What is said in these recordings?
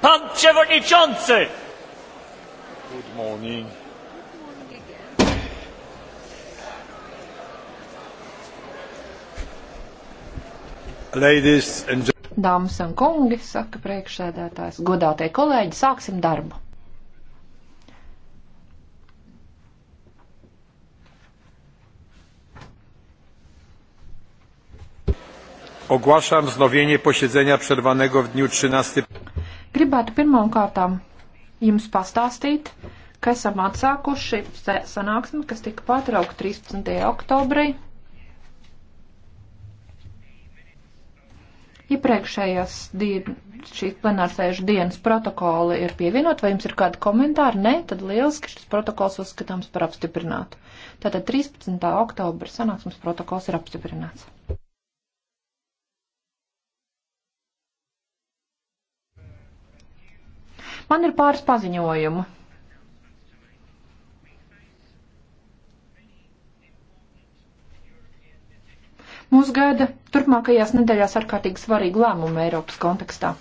Pan Przewodniczący! Good morning. Ladies and Dāmas un kungi, saka priekšsēdētājs, godātie kolēģi, sāksim darbu. Ogłaszam wznowienie posiedzenia przerwanego w dniu 13 gribētu pirmām kārtām jums pastāstīt, ka esam atsākuši sanāksmi, kas tika pārtraukta 13. oktobrī. Iepriekšējās dien, šīs plenārsēžu dienas protokoli ir pievienot, vai jums ir kādi komentāri? Nē, tad lieliski šis protokols uzskatāms par apstiprinātu. Tātad 13. oktobra sanāksmes protokols ir apstiprināts. Man ir pāris paziņojumu. Mūs gaida turpmākajās nedēļās ārkārtīgi svarīgi lēmumi Eiropas kontekstā.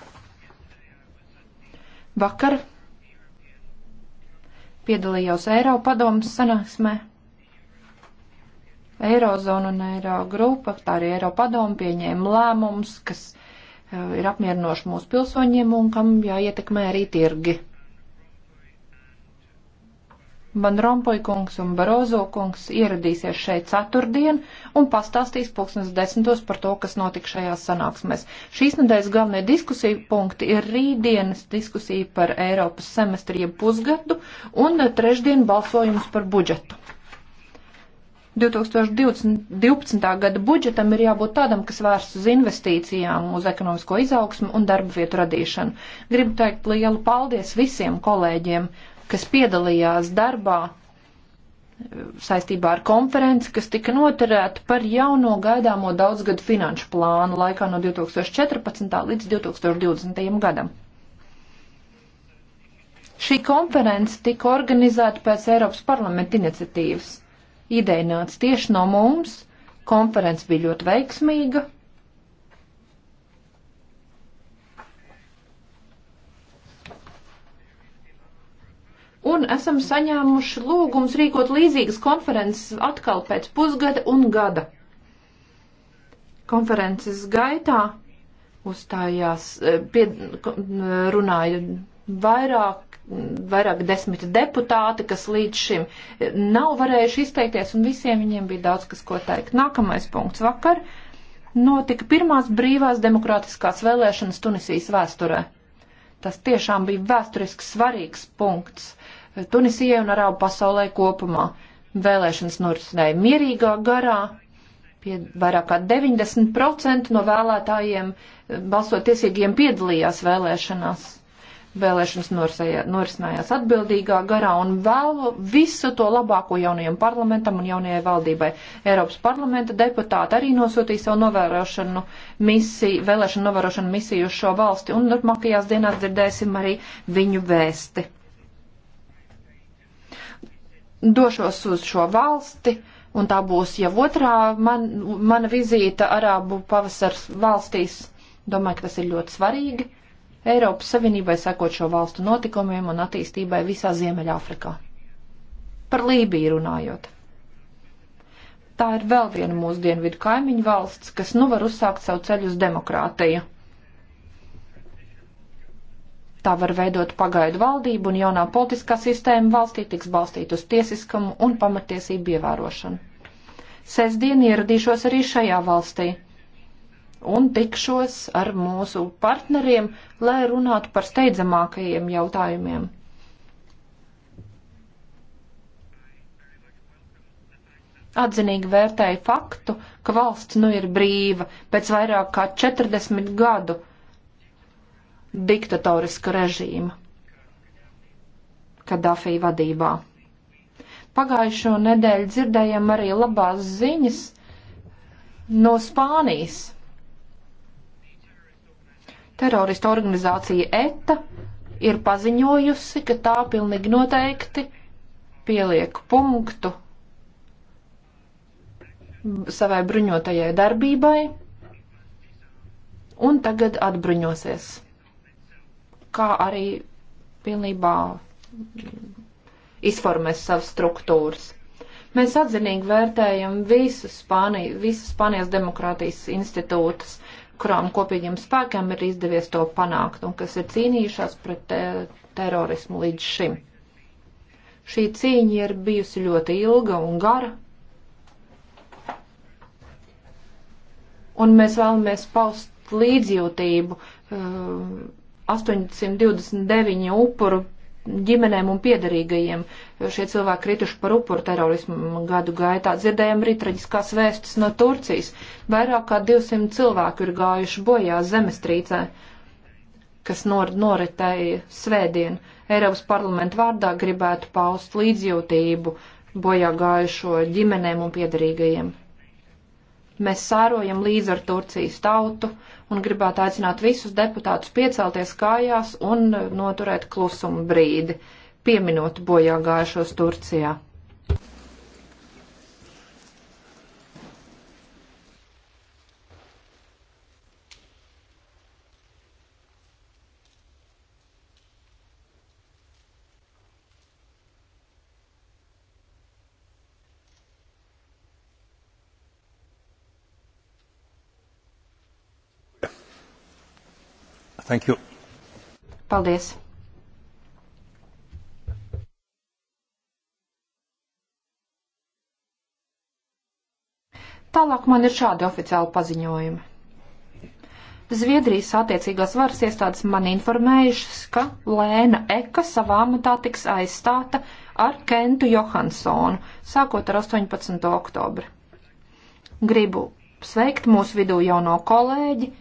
Vakar piedalījos Eiropadomas sanāksmē. Eirozona un Eiro grupa, tā arī Eiropadoma pieņēma lēmums, kas Eh, ir apmierinoši mūsu pilsoņiem un kam jāietekmē arī tirgi. Man Rompuy kungs un Barozo kungs ieradīsies šeit ceturtdien un pastāstīs pulksnes desmitos par to, kas notika šajās sanāksmēs. Šīs nedēļas galvenie diskusija punkti ir rītdienas diskusija par Eiropas semestriem pusgadu un trešdien balsojums par budžetu. 2012. gada budžetam ir jābūt tādam, kas vērsts uz investīcijām, uz ekonomisko izaugsmu un darba vietu radīšanu. Gribu teikt lielu paldies visiem kolēģiem, kas piedalījās darbā saistībā ar konferenci, kas tika noturēta par jauno gaidāmo daudzgadu finanšu plānu laikā no 2014. līdz 2020. gadam. Šī konference tika organizēta pēc Eiropas parlamenta iniciatīvas Ideja nāca tieši no mums, konference bija ļoti veiksmīga. Un esam saņēmuši lūgums rīkot līdzīgas konferences atkal pēc pusgada un gada. Konferences gaitā uzstājās, eh, pie, runāja vairāk vairāk desmit deputāti, kas līdz šim nav varējuši izteikties, un visiem viņiem bija daudz kas ko teikt. Nākamais punkts vakar notika pirmās brīvās demokrātiskās vēlēšanas Tunisijas vēsturē. Tas tiešām bija vēsturiski svarīgs punkts eh, Tunisijai un Arābu pasaulē kopumā. Vēlēšanas norisinājā mierīgā garā, pie vairāk kā 90% no vēlētājiem eh, balsot tiesīgiem piedalījās vēlēšanās Vēlēšanas norisinājās atbildīgā garā un vēlu visu to labāko jaunajam parlamentam un jaunajai valdībai. Eiropas parlamenta deputāti arī nosūtīja savu novērošanu misiju, vēlēšanu novērošanu misiju uz šo valsti un turpmākajās dienās dzirdēsim arī viņu vēsti. Došos uz šo valsti. Un tā būs jau otrā man, mana vizīte Arābu pavasars valstīs. Domāju, ka tas ir ļoti svarīgi. Eiropas Savienībai sekot šo valstu notikumiem un attīstībai visā Ziemeļāfrikā. Par Lībiju runājot. Tā ir vēl viena mūsu dienvidu kaimiņu valsts, kas nu var uzsākt savu ceļu uz demokrātiju. Tā var veidot pagaidu valdību un jaunā politiskā sistēma valstī tiks balstīt uz tiesiskumu un pamatiesību ievērošanu. Sesdien ieradīšos arī šajā valstī un tikšos ar mūsu partneriem, lai runātu par steidzamākajiem jautājumiem. atzinīgi vērtēja faktu, ka valsts nu ir brīva pēc vairāk kā 40 gadu diktatoriska režīma, Kadafī vadībā. Pagājušo nedēļu dzirdējām arī labās ziņas no Spānijas terorista organizācija ETA ir paziņojusi, ka tā pilnīgi noteikti pieliek punktu savai bruņotajai darbībai un tagad atbruņosies, kā arī pilnībā izformēs savas struktūras. Mēs atzinīgi vērtējam visus Spānijas, visus Spānijas demokrātijas institūtus, kurām kopīgiem spēkiem ir izdevies to panākt un kas ir cīnījušās pret te, terorismu līdz šim. Šī cīņa ir bijusi ļoti ilga un gara. Un mēs vēlamies paust līdzjūtību um, 829 upuru ģimenēm un piedarīgajiem. Šie cilvēki krituši par upuru terorismu gadu gaitā. Dzirdējām arī traģiskās vēstis no Turcijas. Vairāk kā 200 cilvēku ir gājuši bojā zemestrīcē, kas nor noritēja svētdien. Eiropas parlamentu vārdā gribētu paust līdzjūtību bojā gājušo ģimenēm un piedarīgajiem. Mēs sērojam līdz ar Turcijas tautu un gribētu aicināt visus deputātus piecelties kājās un noturēt klusumu brīdi, pieminot bojā gājušos Turcijā. Thank you. Paldies. Tālāk man ir šādi oficiāli paziņojumi. Zviedrijas attiecīgās varas iestādes man informējušas, ka Lēna Eka savā amatā tiks aizstāta ar Kentu Johansonu, sākot ar 18. oktobri. Gribu sveikt mūsu vidū jauno kolēģi